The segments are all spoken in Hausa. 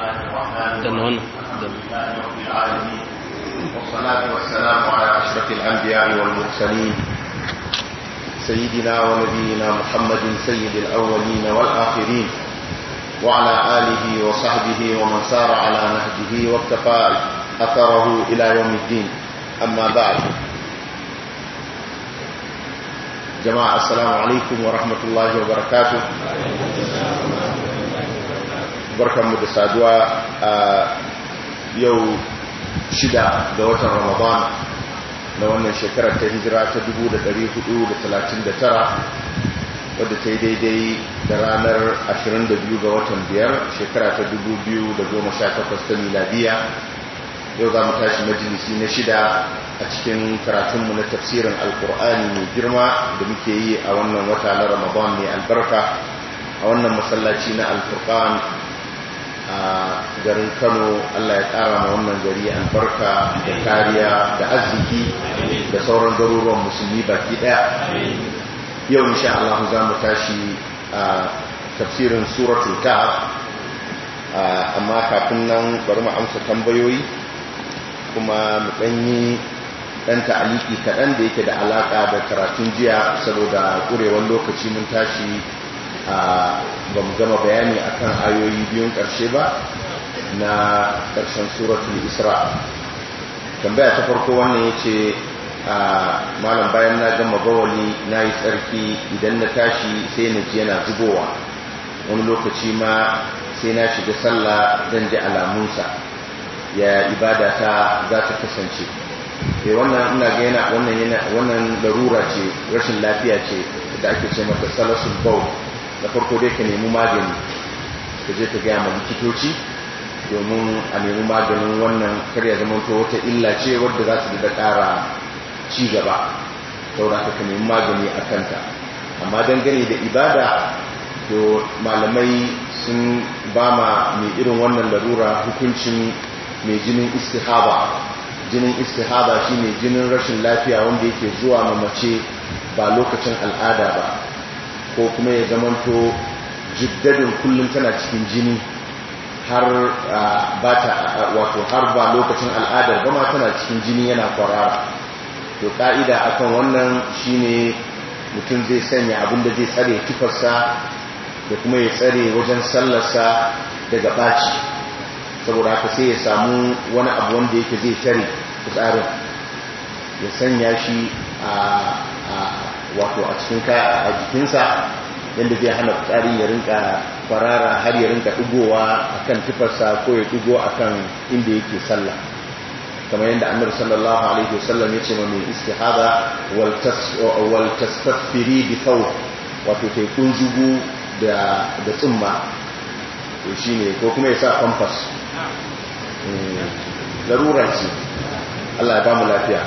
رب العالمين والصلاة والسلام على أشرف الأنبياء والمرسلين سيدنا ونبينا محمد سيد الأولين والآخرين وعلى آله وصحبه ومن سار على نهجه واكتفى أثره إلى يوم الدين أما بعد جماعة السلام عليكم ورحمة الله وبركاته barkanmu da saduwa a yau shida ga watan ramadan na wannan shekarar ta hijira ta 439 wadda ta yi daidai da ranar 22 ga watan biyar shekara ta 2018 ta miladiya yau za mu tashi majalisi na shida a cikin karatunmu na tafsirin alkur'ani mai girma da muke yi a wannan wata na ramadan mai albarka a wannan masallaci na alfurkan a garin kano allah ya kara ma wannan gari albarka da kariya da arziki da sauran garuruwan musulmi baki daya yau insha Allah za mu tashi a tafsirin suratul kahf amma kafin nan bari mu amsa tambayoyi kuma mu danyi dan ta'aliki kaɗan da yake da alaƙa da karatun jiya saboda ƙurewar lokaci mun tashi ba mu gama bayani akan ayoyi biyun ƙarshe ba na ƙarshen suratul isra tambaya ta farko wannan ya ce malam bayan na gama bawali na yi tsarki idan na tashi sai na ji yana zubowa wani lokaci ma sai na shiga sallah zan ji alamunsa ya ibada ta za ta kasance e wannan ina ga yana wannan larura ce rashin lafiya ce da ake ce mata salasul bawl na farko dai ka nemi magani ka je ka gaya ma likitoci domin a nemi maganin wannan karya zamanto wata illa ce wadda za su da ƙara ci gaba saurata ka nemi magani a kanta amma dangane da ibada to malamai sun ba ma mai irin wannan larura hukuncin mai jinin istihaba jinin istihaba shi mai jinin rashin lafiya wanda yake zuwa mamace ba lokacin al'ada ba ko kuma ya zamanto jiddadin kullum tana cikin jini har ba ta wato har ba lokacin al'adar ba ma tana cikin jini yana kwarara to ka'ida akan wannan shine mutum zai sanya abinda zai tsare tufarsa da kuma ya tsare wajen sallarsa daga ɓaci saboda haka sai ya samu wani abu wanda yake zai tare tsarin ya sanya shi wato a cikin ka a jikinsa yadda zai hana fitsari ya rinka farara har ya rinka ɗigowa a kan tufarsa ko ya ɗigo a kan inda yake sallah kamar yadda amir sallallahu alaihi wasallam ya ce ma mai istihada wal bi wato kai kunjugu da tsumma tsumma shi ne ko kuma ya sa pampas eh, larura ce Allah ya ba mu lafiya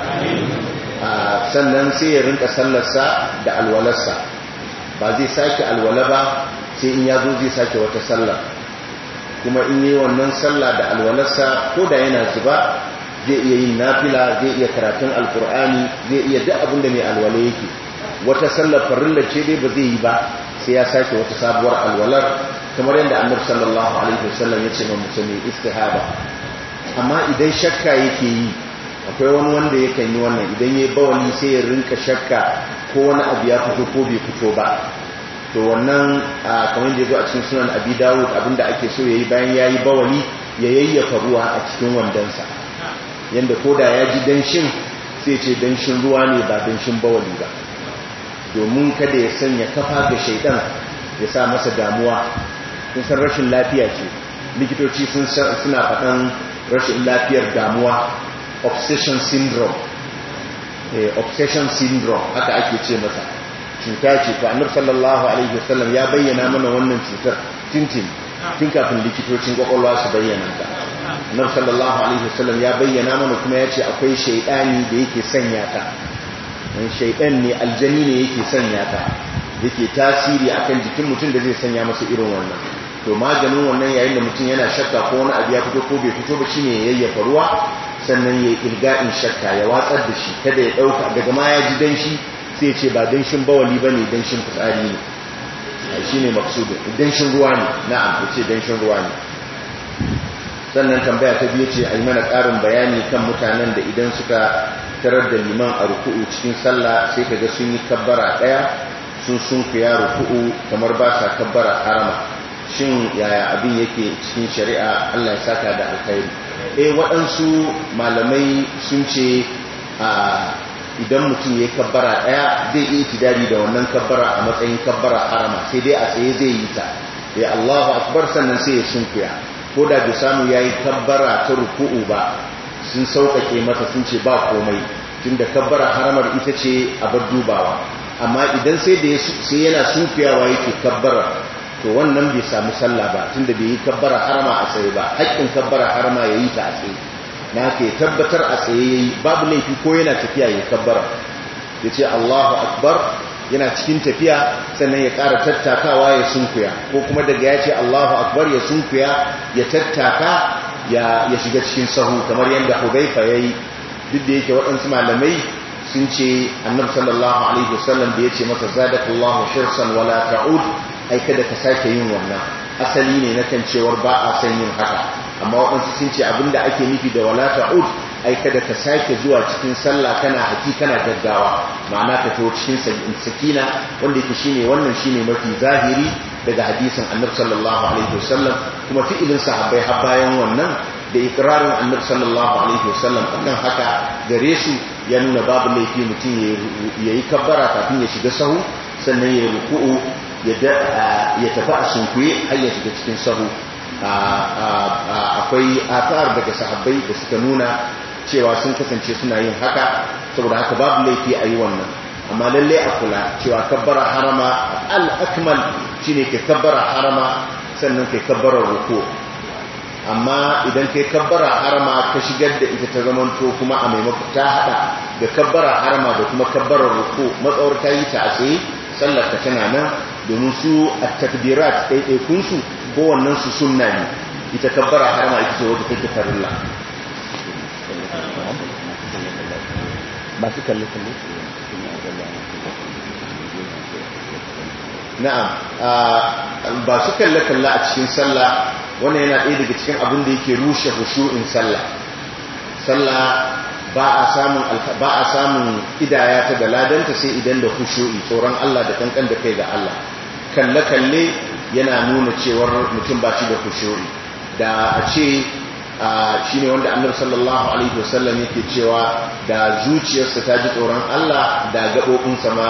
sannan sai ya rinka sallarsa da alwalarsa ba zai sake alwala ba sai in ya zo zai sake wata sallar kuma in yi wannan sallah da alwalarsa ko da yana zuba zai iya yin nafila zai iya karatun alkur'ani zai iya duk abin da mai alwala yake wata sallar farilla ce dai ba zai yi ba sai ya sake wata sabuwar alwalar kamar yadda annabi sallallahu alaihi wasallam ya ce ma musulmi istihada amma idan shakka yake yi akwai wani wanda ya kanyi yi wannan idan ya wani sai ya rinka shakka ko wani abu ya fito ko bai fito ba to wannan kamar da ya zo a cikin sunan abi dawud abinda ake so ya yi bayan ya yi bawali ya yayyafa ruwa a cikin wandonsa yadda ko da ya ji danshin sai ce danshin ruwa ne ba danshin bawani ba domin kada ya sanya kafa ga shaidan ya sa masa damuwa sun san rashin lafiya ce likitoci sun suna faɗan rashin lafiyar damuwa obsession syndrome eh, obsession syndrome haka ake ce masa cuta ce to annabi sallallahu alaihi wasallam ya bayyana mana wannan cutar tintin tun kafin likitocin kwakwalwa su bayyana ta annabi sallallahu alaihi wasallam ya bayyana mana kuma ya ce akwai shaidani da yake sanya ta shaidan ne aljani ne yake sanya ta yake tasiri akan jikin mutum da zai sanya masa irin wannan to maganin wannan yayin da mutum yana shakka ko wani abu ya fito ko bai fito ba shine yayyafa ruwa sannan ya yi in shakka ya watsar da shi kada ya ɗauka daga ma ya ji danshi sai ce ba danshin bawali ba ne danshin fitsari ne shi ne maksudin danshin ruwa ne na'am ya danshin ruwa ne sannan tambaya ta biye ce a yi mana ƙarin bayani kan mutanen da idan suka tarar da liman a ruku'u cikin sallah sai kaga sun yi kabbara ɗaya sun sun kuya ruku'u kamar ba sa kabbara harama shin yaya abin yake cikin shari'a allah ya saka da alkhairi eh waɗansu malamai sun ce idan mutum ya yi kabbara ɗaya zai iya tidari da wannan kabbara a matsayin kabbara harama sai dai a tsaye zai yi ta ya Allahu akbar sannan sai ya sunkuya ko da bai samu yi kabbara ta ruku'u ba sun sauƙaƙe masa sun ce ba komai tun da kabbara haramar ita ce a bar dubawa amma idan sai da sai yana sunkuyawa yake kabbara to wannan bai samu sallah ba tunda bai yi kabbara harama a tsaye ba haƙƙin kabbara harama ya yi ta a tsaye na ke tabbatar a tsaye ya yi babu laifi ko yana tafiya ya kabbara ya ce allahu akbar yana cikin tafiya sannan ya ƙara tattakawa ya sunkuya ko kuma daga ya ce allahu akbar ya sunkuya ya tattaka ya shiga cikin sahu kamar yadda hudaifa ya yi duk da yake waɗansu malamai sun ce annabi sallallahu alaihi wasallam da ya ce masa zadakallahu shirsan wala ta'ud ai kada ka sake yin wannan asali ne na kan cewar ba a san yin haka amma waɗansu sun ce abinda ake nufi da wala ta'ud ai kada ka sake zuwa cikin sallah kana haki kana gaggawa ma'ana ka to cikin sakina wanda yake shine wannan shine mafi zahiri daga hadisin annabi sallallahu alaihi wasallam kuma fi'ilin sahabbai har bayan wannan da ikrarin annabi sallallahu alaihi wasallam kan haka gare shi ya nuna babu laifi mutum yayi kabbara kafin ya shiga sahu sannan ya ruku'u Ah, ya tafi a sunkuye har da cikin sahu ah, ah, akwai atar daga sahabbai da suka nuna cewa sun kasance suna yin haka saboda haka babu laifi a yi wannan amma lalle a kula cewa kabbara harama al'akmal shi ne ke kabbara harama sannan ke kabbara roko amma idan ke kabbara harama ka shigar da ita ta zamanto kuma a maimakon ta hada da kabbara harama da kuma kabbara ruko matsawar ta yi ta a tsaye sallar ta tana nan domin su a takbirat ɗaiɗaikunsu su sunna ne ita kabbara harama ita ce wata take rula masu kalli-kalli na'am ba su kalli kalle a cikin sallah wannan yana ɗaya daga cikin abin da yake rushe hushu'in sallah sallah ba a samun idaya ta da ladanta sai idan da hushu'i tsoron Allah da kankan da kai ga Allah kalle-kalle yana nuna cewar mutum ba shi da kushori da a ce shi ne wanda annabi sallallahu alaihi wasallam yake cewa da zuciyarsa ta ji tsoron Allah da gaɓoɓinsa ma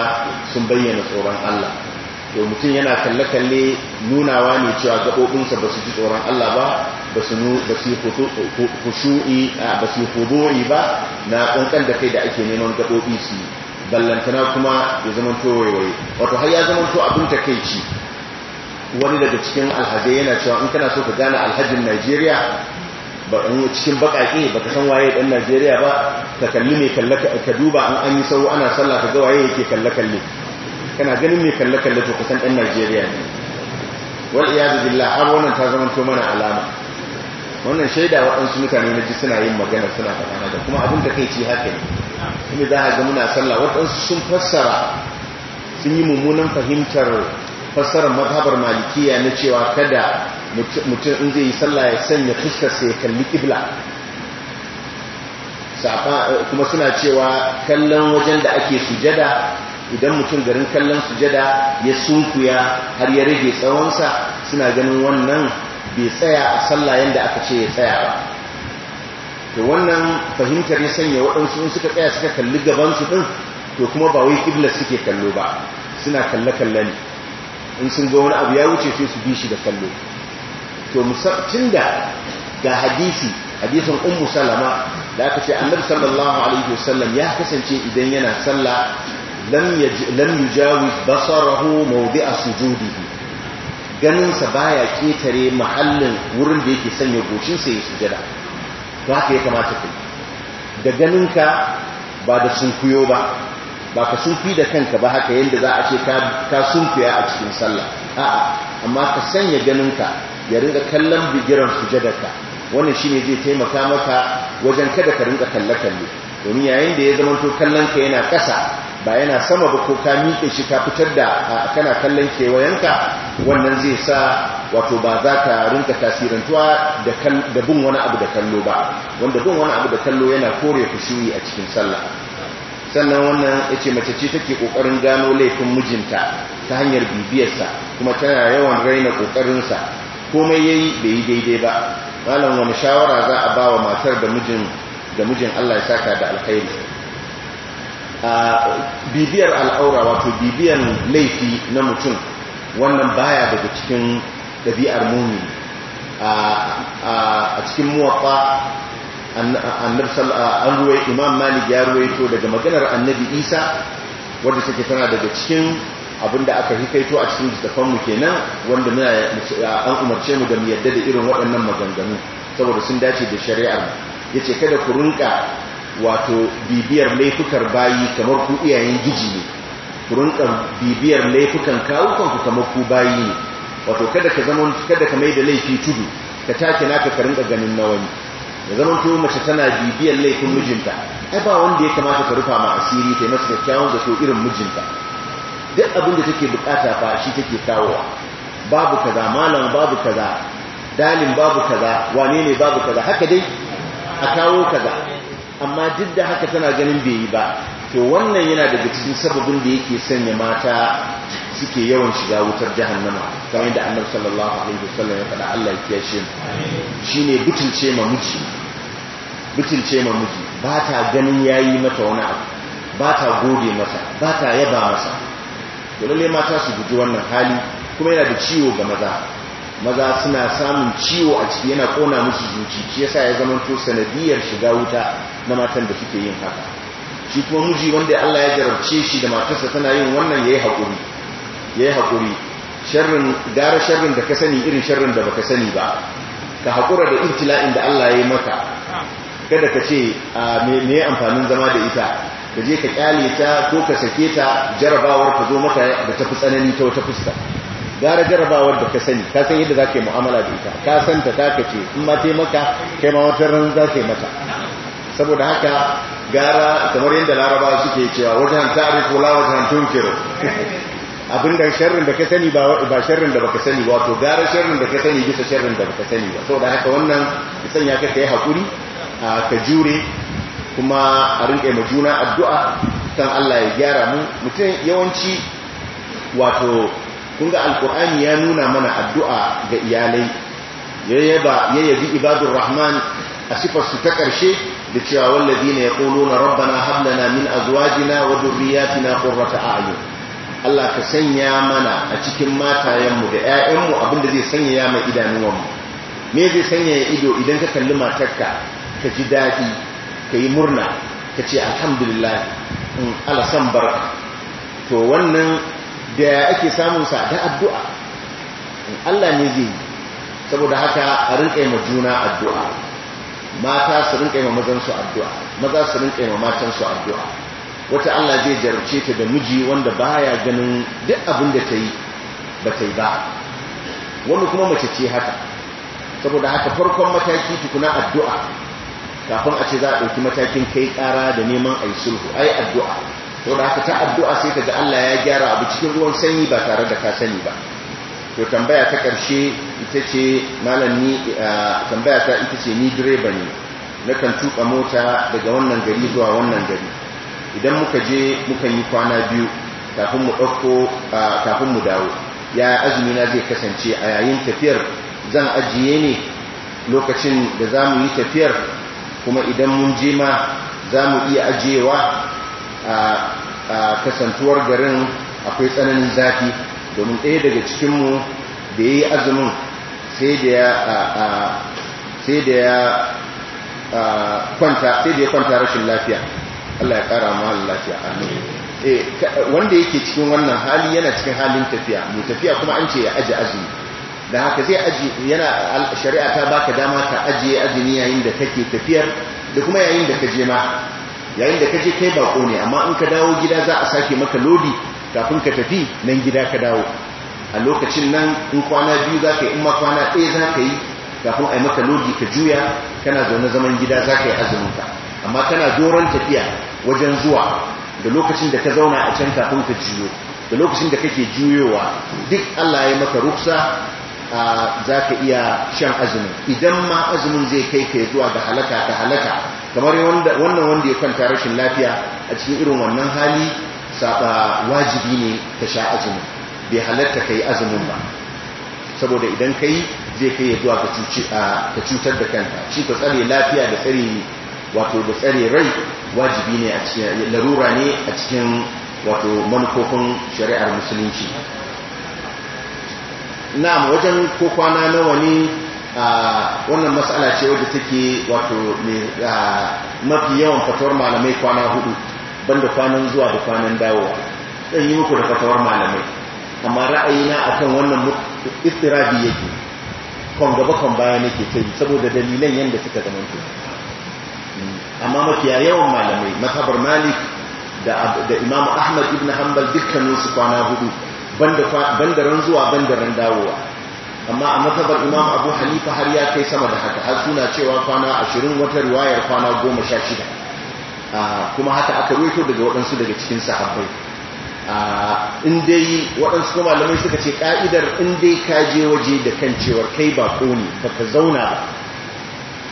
sun bayyana tsoron Allah to mutum yana kalle-kalle nunawa ne cewa gaɓoɓinsa ba su ji tsoron Allah ba ba su yi kushu'i ba su yi ba na ƙanƙan da kai da ake neman gaɓoɓi su yi ballantana kuma ya zamanto wawaye wato har ya zamanto abin takaici wani daga cikin alhazai yana cewa in kana so ka gane alhajin Najeriya ba in cikin bakake san waye ɗan Najeriya ba ka kalli mai kalle ka duba an an yi sau ana sallah ka gawaye waye yake kalle kana ganin mai kalle kalle to kusan ɗan Najeriya ne wal iyad billah har wannan ta zamanto mana alama wannan shaida waɗansu mutane na ji suna yin magana suna faɗa da kuma abin da kai ci haka ne inda za a ga muna sallah waɗansu sun fassara sun yi mummunan fahimtar fassarar mazhabar malikiya na cewa kada mutum in zai yi sallah ya sanya fuskarsa ya kalli kibla kuma suna cewa kallon wajen da ake sujada idan mutum garin kallon sujada ya sunkuya har ya rage tsawonsa suna ganin wannan bai tsaya a sallah yadda aka ce ya tsaya ba to wannan fahimtar ya sanya waɗansu in suka tsaya suka kalli gabansu ɗin to kuma ba wai ƙibla suke kallo ba suna kalle-kalle ne in sun ga wani abu ya wuce sai su bi shi da kallo to musabcin da ga hadisi hadisin ummu salama da aka ce annabi sallallahu alaihi wasallam ya kasance idan yana sallah lam yujawi basarahu mawdi'a sujudihi ganinsa baya ketare mahallin wurin da yake sanya sa ya sujada don haka ya kamata kai da ganinka ba da sunkuyo ba ba ka sunfi da kanka ba haka yadda za a ce ka sunkuya a cikin sallah a'a amma ka sanya ganinka ya rinka kallon bigiran sujadarka wannan shine zai taimaka maka wajen kada ka rinka kalle kalle domin yayin da ya zamanto kallon ka yana ƙasa ba yana sama ba ko ka miƙe shi ka fitar da kana kallon kewayenka wannan zai sa wato ba za ka rinka tasirantuwa da bin wani abu da kallo ba wanda bin wani abu da kallo yana kore kushuri a cikin sallah sannan wannan ya ce mace ce take ƙoƙarin gano laifin mijinta ta hanyar bibiyarsa kuma tana yawan raina ƙoƙarinsa komai ya yi bai yi daidai ba malam wani shawara za a ba wa matar da mijin Allah ya saka da alkhairi bibiyar al'aura wato bibiyar laifi na mutum wannan baya daga cikin ɗabi'ar muni a cikin muwaɓa an ruwa imam malik ya ruwaito daga maganar annabi isa wadda take tana daga cikin abinda aka hikaito a cikin littafanmu kenan wanda an umarce mu da mu yadda da irin waɗannan maganganu saboda sun dace da shari'ar ya ce kada ku rinka wato bibiyar laifukan bayi kamar ku iyayen giji ne ku bibiyar laifukan kawukan kamar ku bayi ne wato kada ka zama kada ka mai da laifi tudu ka take naka ka rinka ganin na wani ya zama to mace tana bibiyar laifin mijinta ai ba wanda ya kamata ka rufa ma asiri ta masa kyakkyawan zato irin mijinta duk abin da take bukata fa shi take kawowa babu kaza malam babu kaza dalin babu kaza wane ne babu kaza haka dai a kawo kaza amma duk da haka tana ganin bai yi ba to wannan yana daga cikin sababin da yake sanya mata suke yawan shiga wutar jahannama kamar yadda annabi sallallahu alaihi wasallam ya faɗa Allah ya kiyashe mu shine butulce ma miji butulce ma miji ba ta ganin yayi mata wani abu ba ta gode masa ba ta yaba masa to lalle mata su guji wannan hali kuma yana da ciwo ga maza maza suna samun ciwo a ciki yana kona musu zuci shi yasa ya zama to sanadiyar shiga wuta na matan da suke yin haka shi kuma miji wanda Allah ya jarabce shi da matarsa tana yin wannan yayi hakuri yayi hakuri sharrin gara sharrin da ka sani irin sharrin da baka sani ba ka hakura da irtila'in da Allah ya yi maka kada ka ce me amfanin zama da ita ka je ka kyale ta ko ka sake ta jarabawar ka zo maka da ta fi tsanani ta wata fuska gara jarabawar da ka sani ka san yadda za yi mu'amala da ita ka san ta ta kace in ma taimaka kai ma wata ran za ka yi mata saboda haka gara kamar yadda laraba suke cewa wajen ta'arifu la wajen tunkiru abin da sharrin da ka sani ba sharrin da baka sani wato gara sharrin da ka sani bisa sharrin da baka sani saboda haka wannan isan ya kai hakuri ka jure kuma a rinƙe ma juna addu'a kan Allah ya gyara mu mutum yawanci wato kun ga alkur'ani ya nuna mana addu'a ga iyalai ya yabi ibadur rahman a su ta ƙarshe da cewa wallazi ne ya ƙolo na rabbana hablana min azwajina wa durriyatina qurrata a'yun Allah ka sanya mana a cikin matayenmu da abin da zai sanya ya mai idanuwanmu me zai sanya ya ido idan ka kalli matarka ka ji daɗi ka yi murna ka ce alhamdulillah in ala san barka to wannan da ake samun sa da addu'a Allah ne zai saboda haka a rinƙa ma juna addu'a mata su rinƙa ma mazansu addu'a maza su rinƙa matansu addu'a wata Allah zai jarabce ta da miji wanda baya ganin duk abin da ta yi ba ta yi ba wani kuma mace ce haka saboda haka farkon mataki tukuna addu'a kafin a ce za a ɗauki matakin kai ƙara da neman a sulhu ai addu'a to da aka ta addu'a sai kaga Allah ya gyara abu cikin ruwan sanyi ba tare da ka sani ba to tambaya ta karshe ita ce malam ni tambaya ta ita ce ni direba ne na kan tuka mota daga wannan gari zuwa wannan gari idan muka je mukan yi kwana biyu kafin mu dauko kafin mu dawo ya azumi na zai kasance a yayin tafiyar zan ajiye ne lokacin da zamu yi tafiyar kuma idan mun je ma zamu iya ajiyewa kasantuwar garin akwai tsananin zafi domin ɗaya daga cikinmu da ya yi azumin sai da ya kwanta rashin lafiya Allah ya ƙara mahal lafiya Amin. Eh, wanda yake cikin wannan hali yana cikin halin tafiya mai tafiya kuma an ce ya aji azumi da haka zai aji yana shari'a ta baka dama ka ajiye azumi yayin da kake tafiyar da kuma yayin da ka je ma yayin da ka je kai bako ne amma in ka dawo gida za a sake maka lodi kafin ka tafi nan gida ka dawo a lokacin nan in kwana biyu za ka yi in ma kwana ɗaya za ka yi kafin a yi maka lodi ka juya kana zaune zaman gida za ka yi ka amma kana doron tafiya wajen zuwa da lokacin da ka zauna a can kafin ka juyo da lokacin da kake juyowa duk Allah ya maka ruksa za ka iya shan azumin idan ma azumin zai kai kai zuwa ga halaka ta halaka kamar wannan wanda ya kwanta rashin lafiya a cikin irin wannan hali saba wajibi ne ka sha azumi bai halatta ka azumin ba saboda idan kai zai kai ya zuwa ka cutar da kanta shi ka tsare lafiya da tsare wato da tsare rai wajibi ne a cikin larura ne a cikin wato manufofin shari'ar musulunci na wajen ko kwana nawa ne Ah, wannan matsala ce wadda take wato ah, mafi yawan fatawar malamai kwana hudu banda kwanan zuwa da kwanan dawowa ɗan yi muku da fatawar malamai amma ra'ayina a kan wannan istirabi yake kan gaba kan baya nake ta saboda dalilan yadda suka zamanta amma mafiya yawan malamai matabar malik da imamu ahmad ibn hanbal su kwana hudu banda ran zuwa banda ran dawowa amma a matsabar imam abu hanifa har ya kai sama da haka har suna cewa kwana ashirin wata riwayar kwana goma sha shida ah, kuma haka aka ruwaito daga waɗansu daga cikin sahabbai ah, in dai waɗansu kuma malamai suka ce ƙa'idar in dai ka je waje da kan cewar kai ba ko ne ba ka zauna ba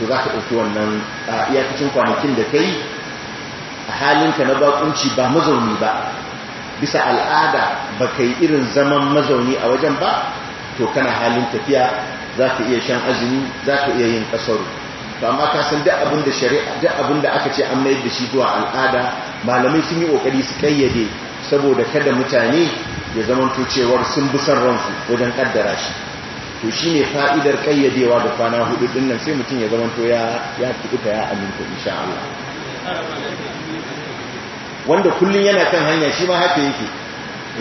to za ka ɗauki wannan ah, iyakacin kwanakin da ka yi. a halinka na baƙunci ba mazauni ba bisa al'ada ba kai irin zaman mazauni a wajen ba to kana halin tafiya za ka iya shan azumi za ka iya yin kasaru to amma ka san duk abin da shari'a duk abin da aka ce an mayar da shi zuwa al'ada malamai sun yi kokari su kayyade saboda kada mutane ya zama to cewar sun bi san ransu wajen kaddara shi to shine fa'idar kayyadewa da kwana hudu din nan sai mutum ya zama to ya ya fita ya aminta insha Allah wanda kullun yana kan hanya shi ma haka yake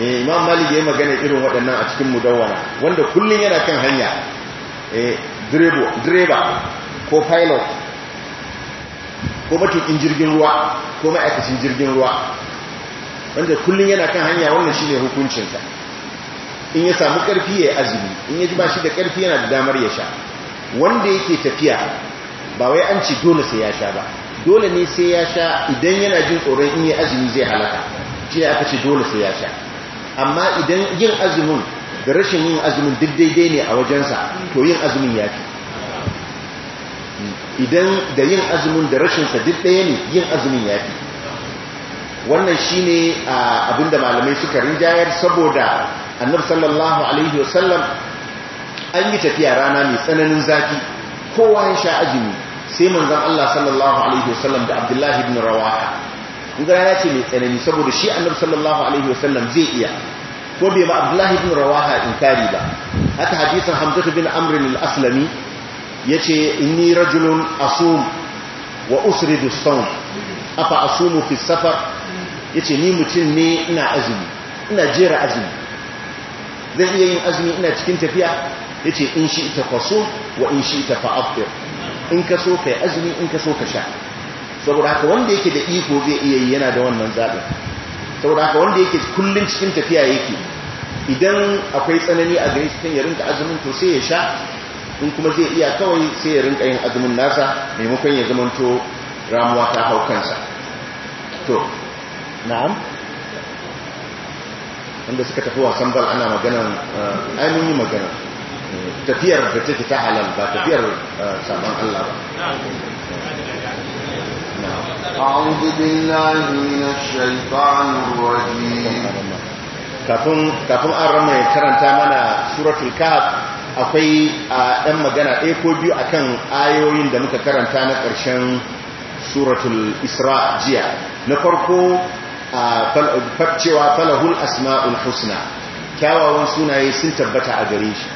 Eh, imam malik ya yi magana irin waɗannan a cikin mudawwana wanda kullum yana kan hanya eh, direba ko pilot ko matukin jirgin ruwa ko ma'aikacin jirgin ruwa wanda kullum yana kan hanya wannan shi ne hukuncinsa in ya samu ƙarfi ya azumi in ya ji ba shi da ƙarfi yana da damar ya sha wanda yake tafiya ba wai an ci dole sai ya sha ba dole ne sai ya sha idan yana jin tsoron in yi azumi zai halaka shi aka ce dole sai ya sha amma idan yin azumin da rashin yin azumin duk daidai ne a wajensa to yin azumin ya fi idan da yin azumin da rashinsa duk ɗaya ne yin azumin ya fi wannan shi ne abinda malamai suka rinjayar saboda annabi sallallahu alaihi wasallam an yi tafiya rana mai tsananin zafi kowa ya sha azumi sai manzan Allah sallallahu alaihi wasallam da abdullahi bin rawa. in ga rana ce mai tsanani saboda shi annabi sallallahu alaihi wasallam zai iya ko bai ba abdullahi bin rawaha inkari ba haka hadisin hamzatu bin amr al-aslami yace inni rajulun asum wa usridu as-sawm afa asumu fi safar yace ni mutum ne ina azumi ina jera azumi zan iya yin azumi ina cikin tafiya yace in shi ita faso wa in shi ita fa'afir in ka so kai azumi in ka so ka sha saboda haka wanda yake da iko zai iya yi yana da wannan zaɓin saboda haka wanda yake kullum cikin tafiya yake idan akwai tsanani a gani cikin ya rinka azumin to sai ya sha in kuma zai iya kawai sai ya rinka yin azumin nasa maimakon ya zamanto ramuwa ta hau kansa to na'am wanda suka tafi wasan bal ana maganan eh, ainihin yi magana tafiyar da ta take ta halal ba tafiyar eh, saman Allah ba أعوذ بالله من الشيطان الرجيم kafin kafin an rama ya karanta mana suratul kahf akwai a ɗan magana ɗaya ko biyu akan ayoyin da muka karanta na ƙarshen suratul isra jiya na farko a cewa falahul asma'ul husna kyawawan sunaye sun tabbata a gare shi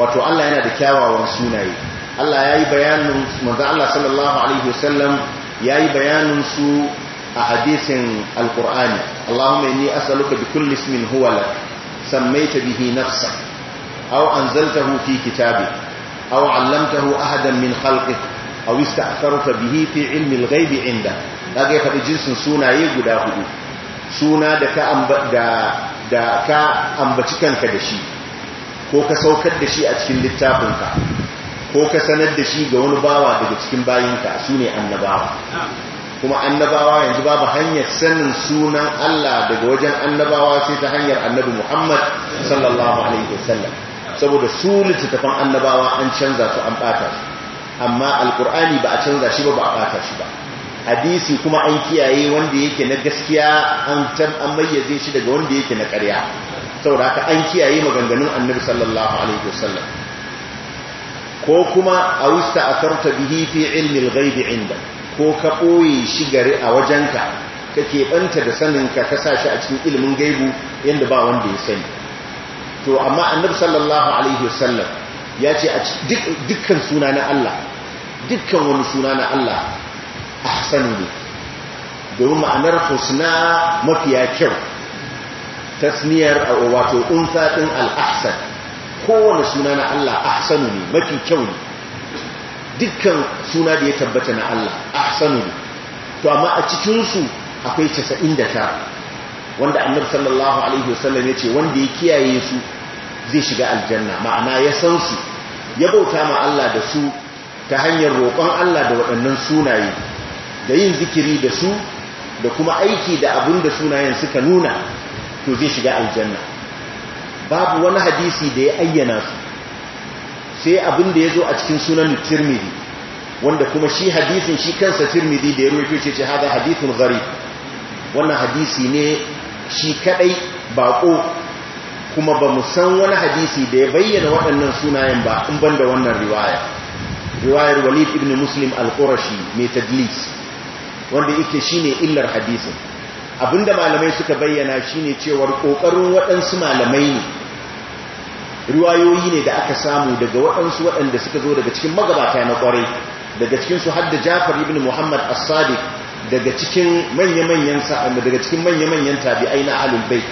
wato Allah yana da kyawawan sunaye Allah ya yi bayanin manzan Allah sallallahu Alaihi wasallam yayi bayanin su a hadisin alqur'ani Allahumma inni as'aluka bi kulli ismin huwa lak sammaita bihi nafsak aw anzaltahu fi kitabi aw 'allamtahu ahadan min khalqik aw ista'tharta bihi fi 'ilmi al-ghaib 'indak kaga ya faɗi jinsin sunaye guda hudu suna da ka da ka ambaci kanka da shi ko ka saukar da shi a cikin littafinka ko ka sanar da shi ga wani bawa daga cikin bayinka su ne annabawa kuma annabawa yanzu babu hanyar sanin sunan Allah daga wajen annabawa sai ta hanyar annabi Muhammad sallallahu alaihi wasallam saboda su littattafan annabawa an canza su an bata su amma alkur'ani ba a canza shi ba ba a bata shi ba hadisi kuma an kiyaye wanda yake na gaskiya an tan an mayyaze shi daga wanda yake na ƙarya saboda haka an kiyaye maganganun annabi sallallahu alaihi wasallam ko kuma a wista a farta bihi fi ilmin ghaibi inda ko ka ɓoye shi gari a wajenka ka banta da saninka ka sa shi a cikin ilimin gaibu yadda ba wanda ya sani to amma annabi sallallahu alaihi wasallam ya ce a dukkan suna na Allah dukkan wani suna na Allah ahsanu ne domin ma'anar husna mafiya kyau tasniyar wato unsa din al-ahsan kowane suna na Allah ahsanu ne mafi kyau ne dukkan suna da ya tabbata na Allah ahsanu ne to amma a cikinsu akwai casa'in da ta wanda annabi sallallahu alaihi wasallam ya ce wanda ya kiyaye su zai shiga aljanna ma'ana ya san su ya bauta ma Allah da su ta hanyar roƙon Allah da waɗannan sunaye da yin zikiri da su da kuma aiki da abin da sunayen suka nuna to zai shiga aljanna babu wani hadisi da ya ayyana su sai abin da ya zo a cikin sunan tirmidhi wanda kuma shi hadisin shi kansa tirmidhi da ya rufe ce ce haɗa hadithun zari wannan hadisi ne shi kaɗai baƙo kuma ba mu san wani hadisi da ya bayyana waɗannan sunayen ba in ban da wannan riwaya riwayar walid ibn muslim al-qurashi mai tadlis wanda yake shine illar hadisin abinda malamai suka bayyana shine cewar kokarin waɗansu malamai ne riwayoyi ne da aka samu daga waɗansu waɗanda suka zo daga cikin magabata na ƙwarai daga cikin su hadda Jafar ibn Muhammad as-Sadiq daga cikin manya-manyan daga cikin manya-manyan tabi'ai na Ahlul Bait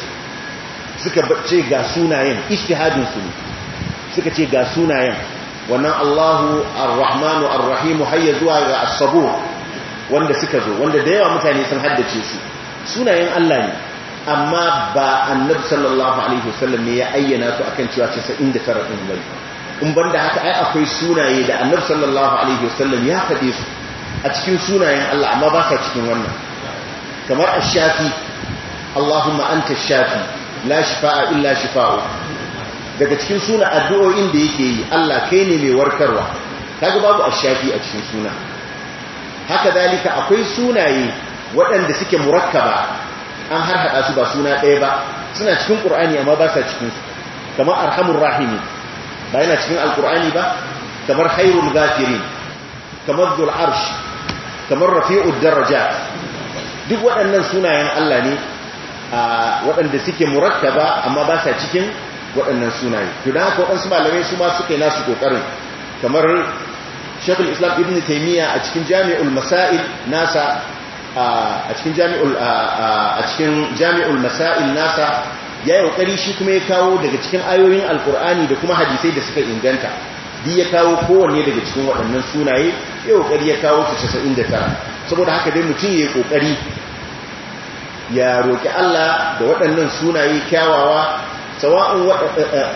suka ce ga sunayen ijtihadin su ne suka ce ga sunayen wannan Allahu Ar-Rahman Ar-Rahim hayya zuwa ga As-Sabur wanda suka zo wanda da yawa mutane sun haddace su sunayen Allah ne amma ba annabi sallallahu alaihi wasallam ne ya ayyana su akan cewa 99 din bane in banda haka ai akwai sunaye da annabi sallallahu alaihi wasallam ya faɗe su a cikin sunayen Allah amma ba ka cikin wannan kamar ash-shafi Allahumma anta ash-shafi la shifaa illa shifaa daga cikin suna addu'o'in da yake yi Allah kai ne mai warkarwa kaga babu ash-shafi a cikin suna haka dalika akwai sunaye waɗanda suke murakkaba an harhaɗa su ba suna ɗaya ba suna cikin ƙur'ani amma ba sa cikinsu kamar arhamun rahimi ba yana cikin alƙur'ani ba kamar hairun zafirin kamar zul arsh kamar rafi'ud daraja duk waɗannan sunayen Allah ne waɗanda suke murakkaba amma ba sa cikin waɗannan sunaye to dan haka waɗansu malamai su ma suka nasu ƙoƙarin kamar Sheikh Islam Ibn taimiyya a cikin Jami'ul Masail nasa a cikin jami'ul a cikin jami'ul masail nasa ya yi kokari shi kuma ya kawo daga cikin ayoyin alkur'ani da kuma hadisai da suka inganta bi ya kawo kowanne daga cikin waɗannan sunaye ya kokari ya kawo su 99 saboda haka dai mutum ya yi kokari ya roki Allah da waɗannan sunaye kyawawa sawa'un eh, eh,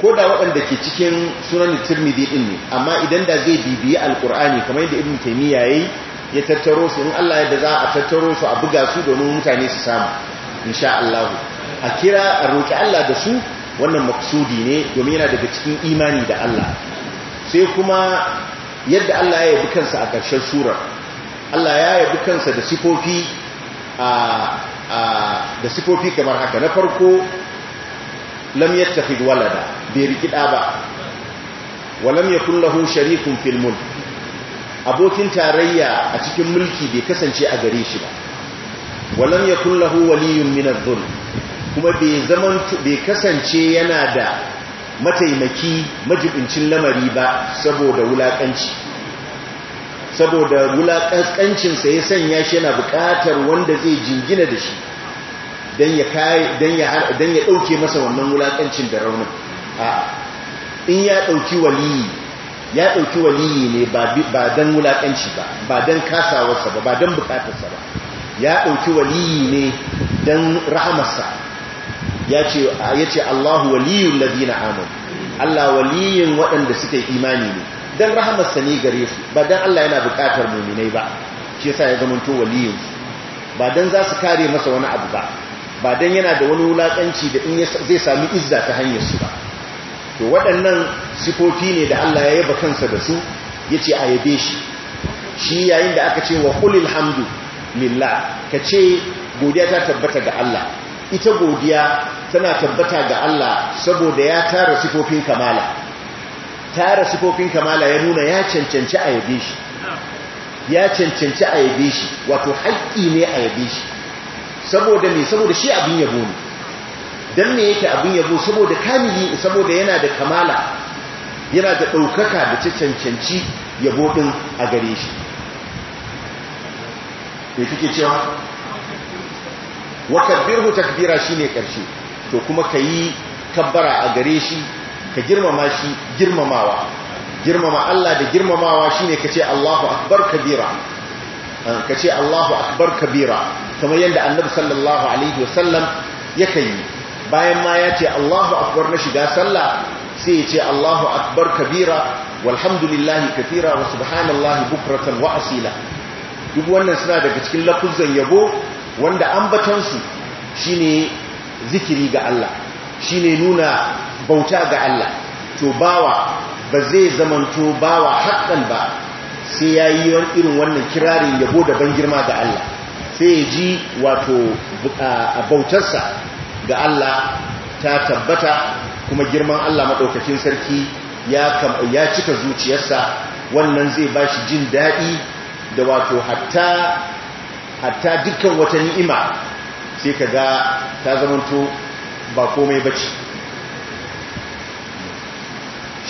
ko da waɗanda ke cikin sunan tirmidhi din ne amma idan da zai bibiyi alkur'ani kamar yadda ibn taymiya yayi ya tattaro su in Allah yadda za a tattaro su a buga su domin mutane su samu insha Allah a kira a roƙi Allah da su wannan maksudi ne domin yana daga cikin imani da Allah sai kuma yadda Allah ya yabi kansa a ƙarshen surar Allah ya yabi kansa da sifofi da sifofi kamar haka na farko lam yattakhid walada bai riki ba wa lam yakul lahu sharikun fil abokin tarayya a cikin mulki bai kasance a gare shi ba walam yakun lahu waliyun min adh-dhulm kuma bai zaman bai kasance yana da mataimaki majibincin lamari ba saboda wulakanci saboda wulakancin sa ya sanya shi yana bukatar wanda zai jingina da shi dan ya kai dan ya dan ya dauke masa wannan wulakancin da raunin a in ya dauki waliyi ya ɗauki waliyi ne ba don wulaƙanci ba ba don kasawarsa ba ba don bukatarsa ba ya ɗauki waliyi ne don rahamarsa ya ce allahu waliyun ladina amon allah waliyin waɗanda suka yi imani ne dan rahamarsa ne gare su ba don allah yana bukatar muminai ba shi yasa ya zamanto waliyinsu ba don za su kare masa wani abu ba ba don yana da wani wulaƙanci da in zai sami izza ta hanyar su ba to waɗannan sifofi ne da Allah ya yaba kansa da su ya ce a yabe shi shi yayin da aka ce wa kulil hamdu lillah ka ce godiya ta tabbata ga Allah ita godiya tana tabbata ga Allah saboda ya tara sifofin kamala tara sifofin kamala ya nuna ya cancanci a yabe shi ya cancanci a yabe shi wato haƙƙi ne a yabe shi saboda me saboda shi abin yabo ne dan ne yake abin yabo saboda kamili saboda yana da kamala yana da ɗaukaka da cancanci yabo din a gare shi me kike cewa wa kabira takbira shine karshe to kuma kayi kabbara a gare shi ka girmama shi girmamawa girmama Allah da girmamawa shine kace Allahu akbar kabira ah, kace Allahu akbar kabira kamar yadda Annabi sallallahu alaihi wasallam yake yi bayan ma ya ce Allahu akbar na shiga sallah sai ya ce Allahu akbar kabira walhamdulillahi kafira wa subhanallahi bukratan wa asila duk wannan suna daga cikin lafuzan yabo wanda ambaton su shine zikiri ga Allah shine nuna bauta ga Allah to bawa ba zai zamanto bawa haƙan ba sai yayi irin wannan kirarin yabo da ban girma ga Allah sai ya ji wato a bautarsa ga Allah ta tabbata kuma girman Allah maɗaukacin sarki ya cika zuciyarsa wannan zai ba shi jin daɗi da wato hatta dukkan wata ni'ima sai ka ga ta zamanto ba komai ba ce.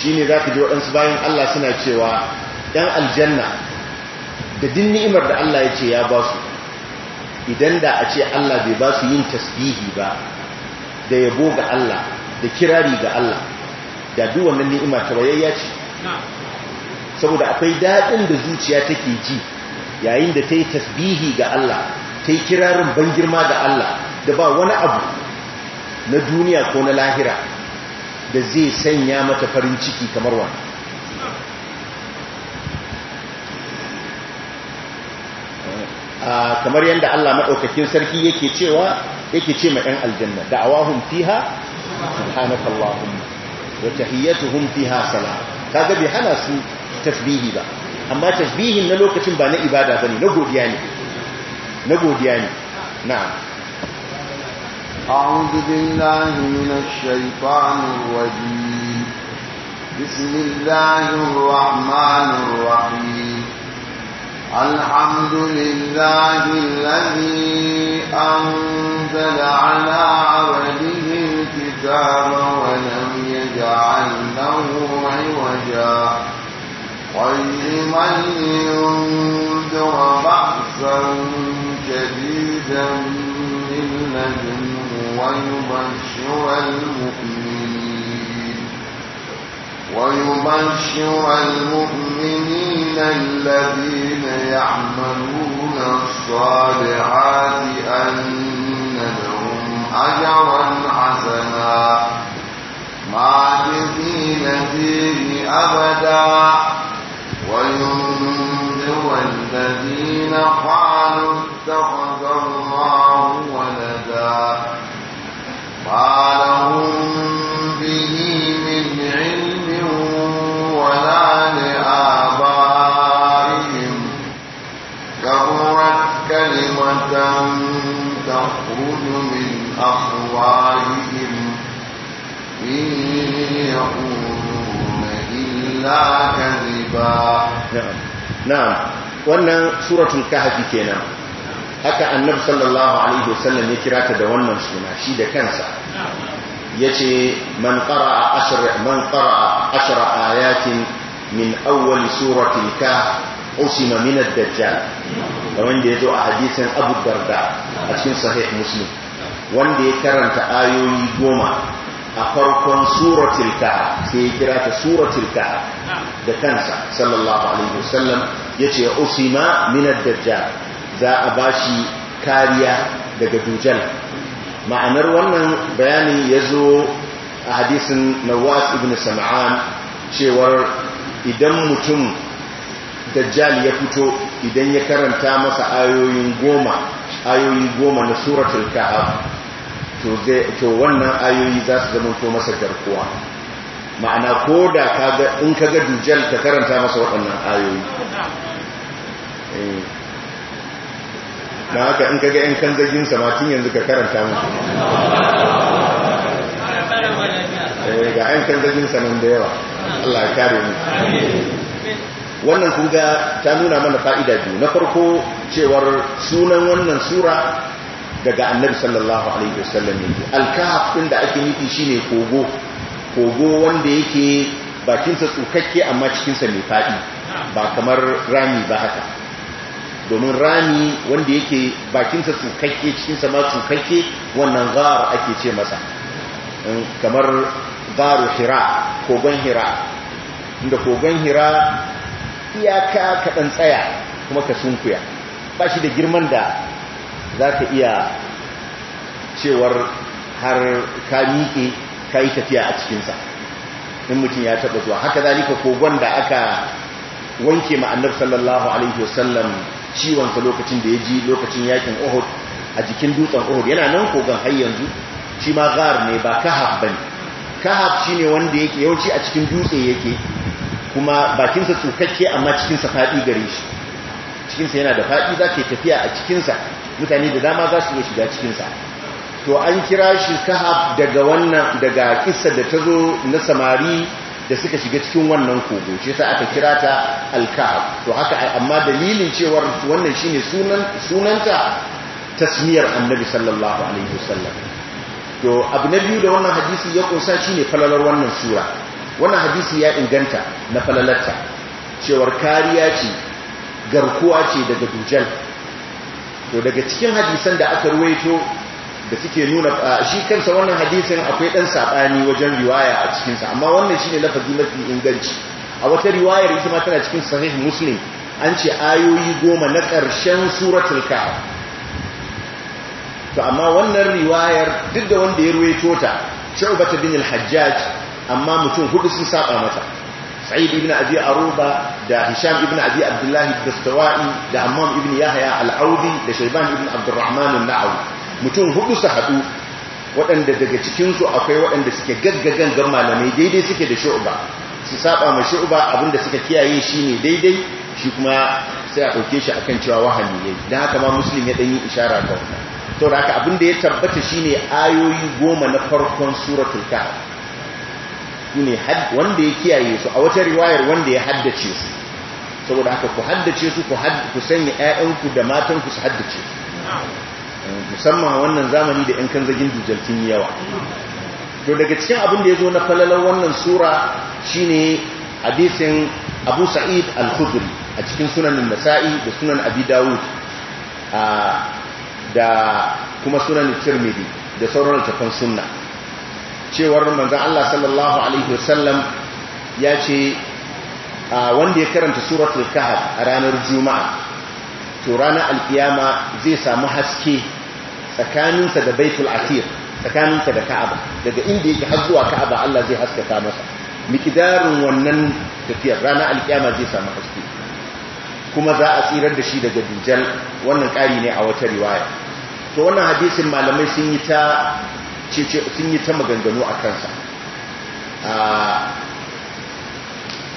shi ne za ka ji waɗansu bayan Allah suna cewa ɗan aljanna da din ni'imar da Allah ya ce ya ba su idan da a ce Allah bai ba su yin tasbihi ba da yabo ga Allah da kirari ga Allah da duk wannan ni'ima tawayayya ce saboda akwai daɗin da zuciya take ji yayin da tayi yi tasbihi ga Allah tayi kirarin ban girma ga Allah da ba wani abu na duniya ko na lahira da zai sanya mata farin ciki kamar wannan kamar yadda Allah maɗaukakin sarki yake cewa yake ce ma 'yan aljanna da'awahum fiha subhanakallahumma wa tahiyyatuhum fiha salam kaga bai hana su tasbihi ba amma tasbihin na lokacin ba na ibada bane na godiya ne na godiya ne na'am أعوذ بالله من الشيطان الرجيم بسم الله الرحمن الرحيم الحمد لله الذي أنزل على عبده الكتاب ولم يجعل له عوجا قيما ينذر بأسا شديدا من لدنه ويبشر المؤمنين ويبشر المؤمنين الذين يعملون الصالحات أن لهم أجرا حسنا معجزين فيه أبدا وينذر الذين قالوا اتخذ الله ولدا ما لهم أفواههم إن يقولون إلا wannan suratul kahfi kenan haka annabi sallallahu alaihi wasallam ya kira ta da wannan suna shi da kansa yace man qara'a ashra man qara'a ashra ayatin min awwal suratil kahf usima min ad-dajjal wanda yazo a hadisin Abu Darda a cikin sahih Muslim wanda ya karanta ayoyi goma a farkon suratul sai ya kira ta suratul da kansa sallallahu alaihi wasallam yace usima min ad-dajjal za a bashi kariya daga dujal ma'anar wannan bayani zo a hadisin Nawas ibn Sam'an cewar idan mutum dajjal ya fito idan ya karanta masa ayoyin goma ayoyin goma na suratul kahf to wannan ayoyi za su zama to masa garkuwa ma'ana ko da in ka ga dujjal ka karanta masa waɗannan ayoyi eh. na haka in ka ga ‘yan kan zagin samatin yanzu ka karanta masa eh, ga ‘yan kan zagin saman da yawa Allah ya kare mu wannan kunga ta nuna mana fa'ida biyu na farko cewar sunan wannan sura daga annabi sallallahu alaihi wasallam yake alkaf din da ake nufi shine kogo kogo wanda yake bakinsa tsukakke amma cikinsa mai faɗi ba kamar rami ba haka domin rami wanda yake bakinsa tsukakke cikinsa ma tsukakke wannan a ake ce masa kamar gharu hira kogon hira inda kogon hira iyaka kaɗan tsaya kuma ka sunkuya ba shi da girman da za ka iya cewar har ka ka yi tafiya a cikinsa in mutum ya taɓa zuwa haka zalika kogon da aka wanke ma'anar sallallahu alaihi wasallam ciwonsa lokacin da ya ji lokacin yakin ohud a jikin dutsen ohud yana nan kogon har yanzu shi ma ghar ne ba kahab ba ne kahab shi ne wanda yake yawanci a cikin dutse yake kuma bakinsa tsukakke amma cikinsa faɗi gare shi cikinsa yana da faɗi za ka yi tafiya a cikinsa mutane da dama za su iya shiga cikinsa to an kira shi kahaf daga wannan daga kissa da ta zo na samari da suka shiga cikin wannan kogo ce ta aka kira ta alkahaf to haka amma dalilin cewar wannan shi ne sunanta tasmiyar annabi sallallahu alaihi wasallam to abu na biyu da wannan hadisi ya kunsa ne falalar wannan sura wannan hadisi ya inganta na falalarta cewar kariya ce garkuwa ce daga dujal to daga cikin hadisan da aka ruwaito da suke nuna shi kansa wannan hadisin akwai dan sabani wajen riwaya a cikin sa amma wannan shine lafazi mafi inganci a wata riwayar ita ma tana cikin sahih muslim an ce ayoyi goma na ƙarshen suratul kahf to amma wannan riwayar duk da wanda ya ruwaito ta shu'bata bin al-hajjaj amma mutum hudu sun saba mata sa'id ibn abi aruba da hisham ibn abi abdullahi ad-dastawai da ammam ibn yahya al-audi da shayban ibn abdurrahman an-na'awi mutum hudu su haɗu. waɗanda daga cikin su akwai waɗanda suke gaggagan ga malamai daidai suke da shu'ba su saba ma shu'ba abinda suka kiyaye shine daidai shi kuma sai a dauke shi akan cewa wahani ne dan haka ma muslim ya dan yi isharar ga wannan saboda haka abinda ya tabbata shine ayoyi goma na farkon suratul kahf shine wanda ya kiyaye su a wata riwayar wanda ya haddace su saboda haka ku haddace su ku ku sanya ƴaƴanku da matanku su haddace su musamman wannan zamani da ƴan kanzagin dujaltin yawa to daga cikin abin da ya zo na falalar wannan sura shine hadisin Abu Sa'id Al-Khudri a cikin sunan Nasa'i da sunan Abi Dawud da kuma sunan Tirmidhi da sauran littattafan sunna cewar manzan Allah sallallahu alaihi wasallam ya ce wanda ya karanta suratul kahab a ranar juma'a to ranar alkiyama zai samu haske tsakaninsa da baitul atir tsakaninsa da ka'aba daga inda yake har ka'aba Allah zai ta masa mikidarin wannan tafiyar ranar alkiyama zai samu haske kuma za a tsirar da shi daga dujal wannan ƙari ne a wata riwaya to wannan hadisin malamai sun yi ta sun yi ta maganganu a kansa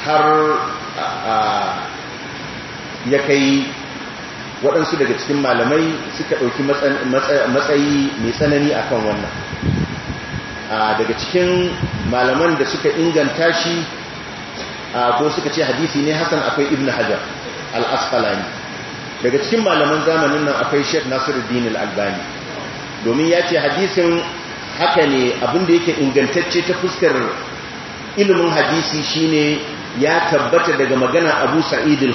har ya kai waɗansu daga cikin malamai suka ɗauki matsayi mai tsanani akan wannan daga cikin malaman da suka inganta shi ko suka ce hadisi ne Hassan akwai ibn hajar al asfalani daga cikin malaman zamanin nan akwai sheikh Nasiru dinil albani domin ya ce hadisin haka ne abinda yake ingantacce ta fuskar ilimin hadisi shine ya tabbata daga magana abu sa'id al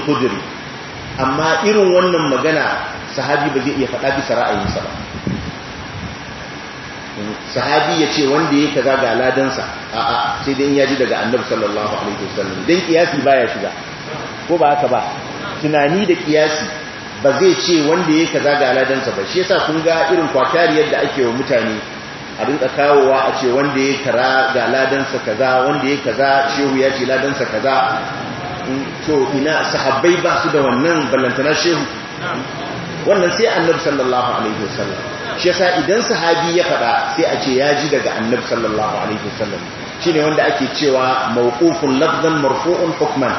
amma irin wannan magana sahabi ba zai iya faɗa bisa ra'ayinsa ba sahabi ya ce wanda ya kaza ga ladansa a'a sai dai ya ji daga annabi sallallahu alaihi wasallam dan kiyasi baya shiga ko ba haka ba tunani da kiyasi ba zai ce wanda ya kaza ga ladansa ba shi yasa kun ga irin kwatariyar da ake wa mutane a duka kawowa a ce wanda ya kara ga ladansa kaza wanda ya kaza shehu ya ce ladansa kaza mm, to ina sahabbai ba su da wannan ballantana shehu wannan sai annabi sallallahu alaihi wasallam shi yasa idan sahabi ya fada sai a ce ya ji daga annabi sallallahu alaihi wasallam shine wanda ake cewa mawqufun lafzan marfu'un hukman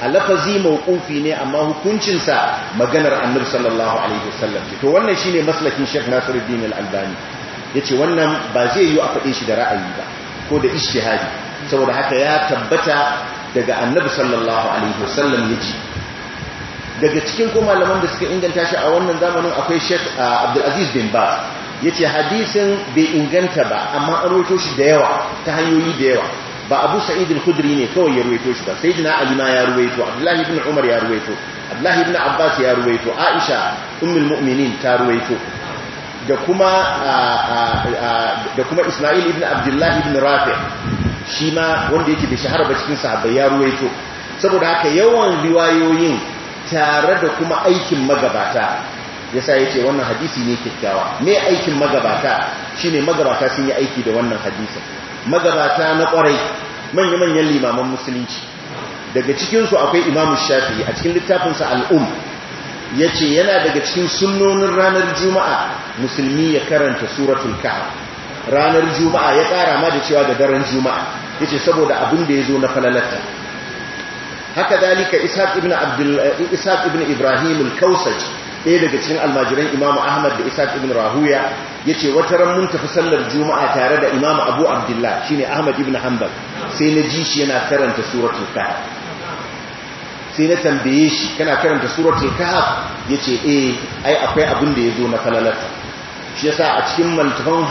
a lafazi mawqufi ne amma hukuncinsa maganar annabi sallallahu alaihi wasallam to wannan shine maslakin Sheikh Nasiruddin Al-Albani yace wannan ba zai yi a faɗe shi da ra'ayi ba ko da ishtihadi saboda haka ya tabbata daga annabi sallallahu alaihi wasallam yace daga cikin ko malaman da suka inganta shi a wannan zamanin akwai Sheikh uh, Abdulaziz Bin bin ya ce hadisin bai inganta ba amma an roto shi da yawa ta hanyoyi da yawa ba Abu Sa'id al-Khudri ne kawai ya ruwaito shi ba Sayyidina Ali ma ya ruwaito Abdullahi ibn Umar ya ruwaito Abdullahi ibn Abbas ya ruwaito Aisha ummul mu'minin ta ruwaito. da kuma Ismail ibn Abdullah ibn Rafi shi ma wanda yake da shahara ba cikin sahabbai ya ruwaito saboda haka yawan riwayoyin tare da kuma aikin magabata yasa yace wannan hadisi ne kyakkyawa me aikin magabata shine magabata sun yi aiki da wannan hadisin magabata na kwarai manya-manyan limaman musulunci daga cikinsu akwai imamu shafi'i a cikin littafinsa al'um ya ce yana daga cikin sunnonin ranar juma'a musulmi ya karanta suratul kahf ranar juma'a ya kara ma da cewa da daren juma'a ya ce saboda abin da ya zo na falalata haka dalika isaac ibn ibrahim al-kausaj ɗaya daga cikin almajiran imamu ahmad da isaac ibn rahuya ya ce wata ran mun tafi sallar juma'a tare da imamu abu abdullah shine ahmad ibn hanbal sai na ji shi yana karanta suratul kahf sai na tambaye shi kana karanta suratul kahf yace eh ai akwai abin da yazo na falalarsa shi yasa a cikin mantafan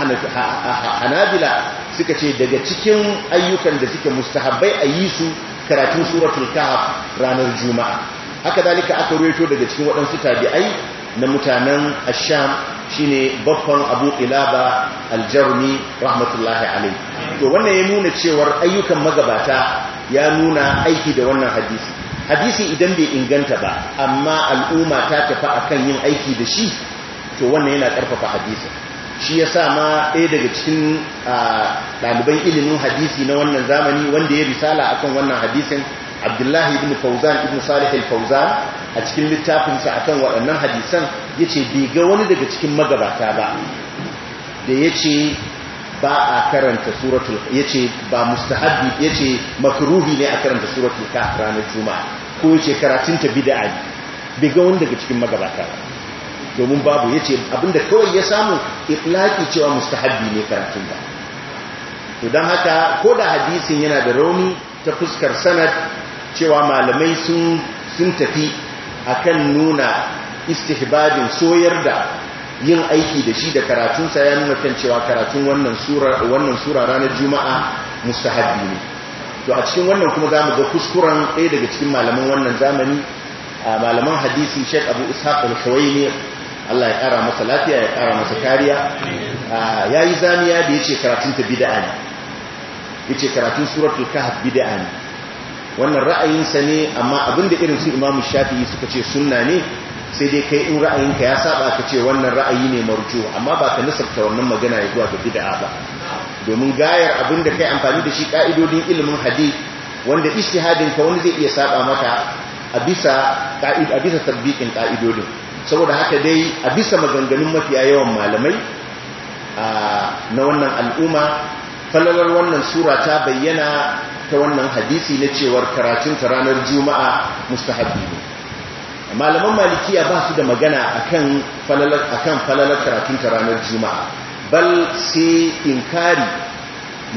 hanabila suka ce daga cikin ayyukan da suke mustahabbai a yi su karatun suratul kahf ranar juma'a haka dalika aka ruwaito daga cikin waɗansu tabi'ai na mutanen asham shine baffan abu ilaba aljarmi rahmatullahi alai to wannan ya nuna cewar ayyukan magabata ya nuna aiki da wannan hadisi hadisi idan bai inganta ba amma al'umma ta tafi akan yin aiki da shi to wannan yana karfafa hadisi shi yasa ma ɗaya daga cikin ɗaliban ilimin hadisi na wannan zamani wanda ya risala akan wannan hadisin abdullahi ibn fauzan ibn salih al-fauzan a cikin littafinsa akan waɗannan hadisan ya ce bai ga wani daga cikin magabata ba da yace ba a karanta suratul ya ce ba ya yace makruhi ne a karanta suratul kaf ranar juma'a ko ce karatun ta bid'a ne bai ga wanda daga cikin magabata domin babu ya ce abinda kawai ya samu iflaki cewa mustahabi ne karatun ba to don haka ko da hadisin yana da rauni ta fuskar sanad cewa malamai sun sun tafi akan nuna istihbabin soyar da yin aiki da shi da karatunsa ya nuna kan cewa karatun wannan sura wannan sura ranar juma'a mustahabbi ne to a cikin wannan kuma zamu ga kuskuren ɗaya daga cikin malaman wannan zamani malaman hadisi Sheikh Abu Ishaq al-Khawaini Allah ya kara masa lafiya ya kara masa kariya yayi zamiya da yace karatun ta bid'a ne yace karatun suratul kahf bid'a ne wannan ra'ayinsa ne amma abinda irin su Imam Shafi'i suka ce sunna ne sai dai kai in ra'ayinka ya saba ka ce wannan ra'ayi ne marju amma ba ka nisarta wannan magana ya zuwa ga bid'a ba domin gayar abin da kai amfani da shi ka'idodin ilimin hadith wanda ijtihadin ka wani zai iya saba maka a bisa ka'id a bisa tabbiqin ka'idodin saboda haka dai a bisa maganganun mafiya yawan malamai na wannan al'umma falalar wannan sura ta bayyana ta wannan hadisi na cewar karatun ta ranar juma'a mustahabbi malaman malikiya ba su da magana a kan akan falalar karatun ranar juma'a bal sai inkari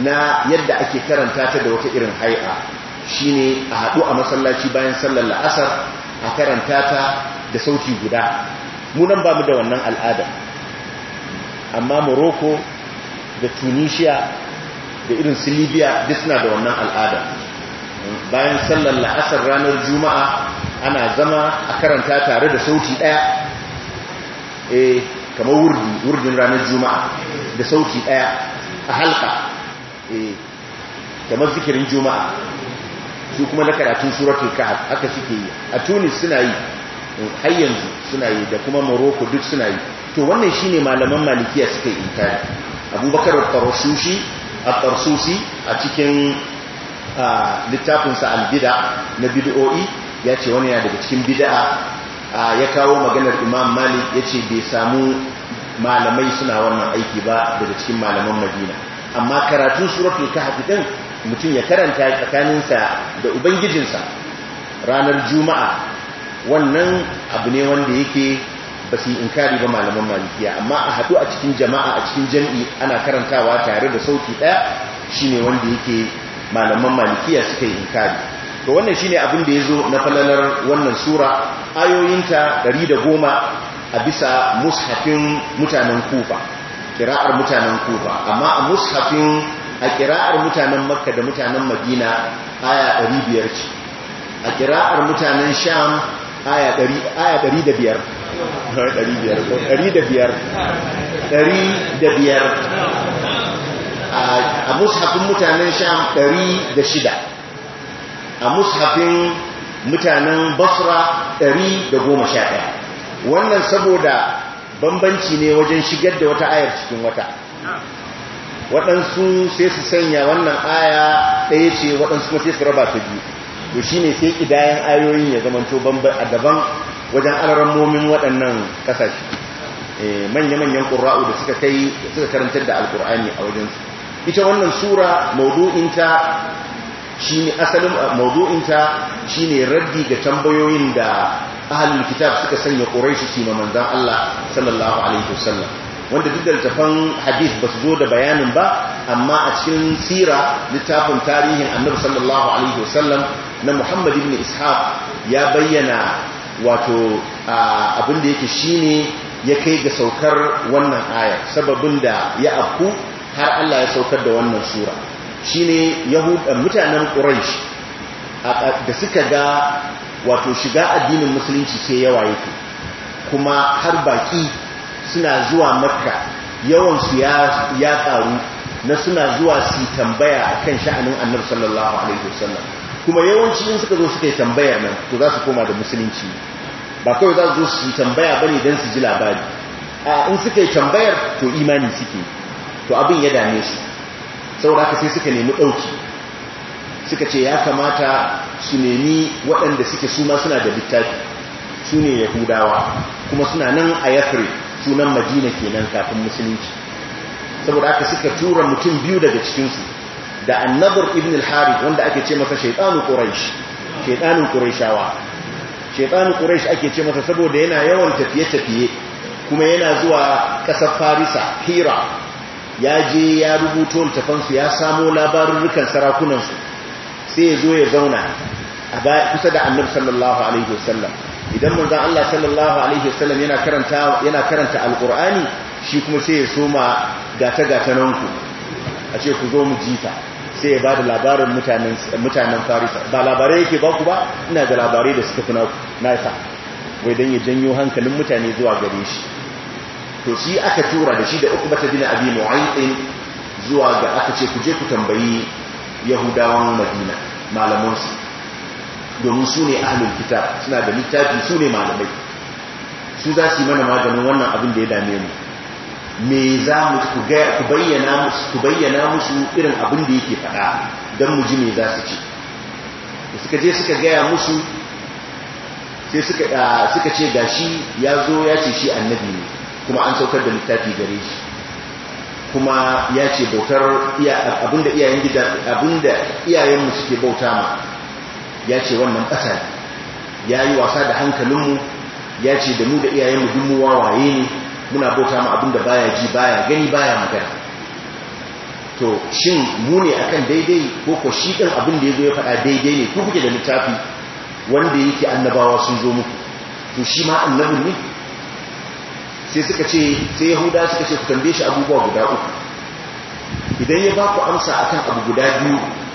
na yadda ake karanta ta da wata irin hai'a shine a haɗu a masallaci bayan sallar la'asar a karanta ta da sauti guda munan ba mu da wannan al'ada amma morocco da tunisia da irin su libya duk suna da wannan al'ada bayan sallar la'asar ranar juma'a ana zama a karanta tare da sauti ɗaya e kamar wurdi wurdin ranar juma'a da sauti ɗaya a halka e eh, kama zikirin juma'a su kuma na karatun suratul kahf haka suke yi a tunis suna yi har yanzu suna yi da kuma morocco duk suna yi to wannan shine malaman malikiya suka yi tare abubakar al a a cikin ah, littafinsa albida bida na bid'o'i ya ce wani yana daga cikin bida'a ya kawo maganar imam malik ya ce bai samu malamai suna wannan aiki ba daga cikin malaman madina amma karatun ka kahfi din mutum ya karanta tsakaninsa da ubangijinsa ranar juma'a wannan abu ne wanda yake ba su inkari ba malaman malikiya amma a haɗu a cikin jama'a a cikin jam'i ana karantawa tare da sauki ɗaya shine wanda yake malaman malikiya suka yi inkari to wannan shine abin da yazo na falalar wannan sura ayoyinta 110 a bisa mushafin mutanen kufa kira'ar mutanen kufa amma a mushafin a kira'ar mutanen makka da mutanen madina aya 500 ce a kira'ar mutanen sham aya 100 a mushafin mutanen sham 106 a mushafin mutanen basra 111 wannan saboda bambanci ne wajen shigar da wata ayar cikin wata waɗansu sai su sanya wannan aya ɗaya ce waɗansu kuma sai su raba su biyu to shi ne sai ƙidayen ayoyin ya zama to a daban wajen momin waɗannan ƙasashe eh, manya-manyan ƙura'u da suka kai suka karantar da alƙur'ani a wajensu ita wannan sura maudu'inta ne asalin mawudu'inta shi shine raddi ga tambayoyin da ahalin kitab suka sanya quraishi su ma manzon Allah sallallahu alaihi wasallam wanda duk da littafan hadith ba su zo da bayanin ba amma a cikin sira littafin tarihin annabi sallallahu alaihi wasallam na Muhammad ibn Ishaq ya bayyana wato abin da yake ne ya kai ga saukar wannan ayar sababin da ya afku har Allah ya saukar da wannan sura Shi ne eh, mutanen quraish da suka ga wato shiga addinin musulunci sai yawa yake kuma har baki suna zuwa makka yawansu ya tsaru na suna zuwa su tambaya akan sha'anin annar sallallahu alaihi wasallam kuma yawanci in suka zo suka yi tambaya nan to za su koma da musulunci ba kawai za su zo su tambaya bane dan su ji labari a in suka yi tambayar to imani suke to abin ya dame su saboda haka sai suka nemi ɗauki suka ce ya kamata su nemi waɗanda suke suma suna da littafi su ne yahudawa kuma suna nan a yafri sunan madina kenan kafin musulunci saboda haka suka tura mutum biyu daga cikinsu da annabar ibn al hari wanda ake ce masa shaitanu quraish shaitanu quraishawa shaitanu quraish ake ce masa saboda yana yawan tafiye-tafiye kuma yana zuwa ƙasar farisa hira ya je ya rubuto littafansu ya samo labarurrukan sarakunansu sai ya zo ya zauna a kusa da annabi sallallahu alaihi wasallam idan manzon Allah sallallahu alaihi wasallam yana karanta al'kur'ani shi kuma sai ya soma gata gatananku a ce ku zo mu jita sai ya bada labarin mutanen mutanen Farisa ba labarai yake ba ku ba ina da labarai da suka fi na wai dan ya janyo hankalin mutane zuwa gare shi to shi aka tura da shi da uku bata bin abi mu'ayyin zuwa ga aka ce ku je ku tambayi yahudawan madina malamansu domin su ne ahlul kitab suna da littafi su ne malamai su za su yi mana maganin wannan abin da ya dame mu me za mu ku bayyana musu irin abin da yake faɗa don mu ji me za su ce da suka je suka gaya musu sai suka ah, ce shi ya zo ya ce shi annabi ne kuma an saukar da littafi gare shi kuma ya ce bautar abinda iyayen gida abinda iyayenmu suke bauta ma ya ce wannan ƙasa ya yi wasa da hankalinmu ya ce da mu da iyayenmu dun wawaye ne muna bauta ma abinda baya ji baya gani baya magana to shin mu ne akan daidai ko ko shi abin abinda ya zo ya faɗa daidai ne ko kuke da littafi wanda yake annabawa sun zo muku to shi ma annabin ne sai suka ce sai yahuda suka ce ku tambaye shi abubuwa guda uku idan ya ba ku amsa akan abu guda biyu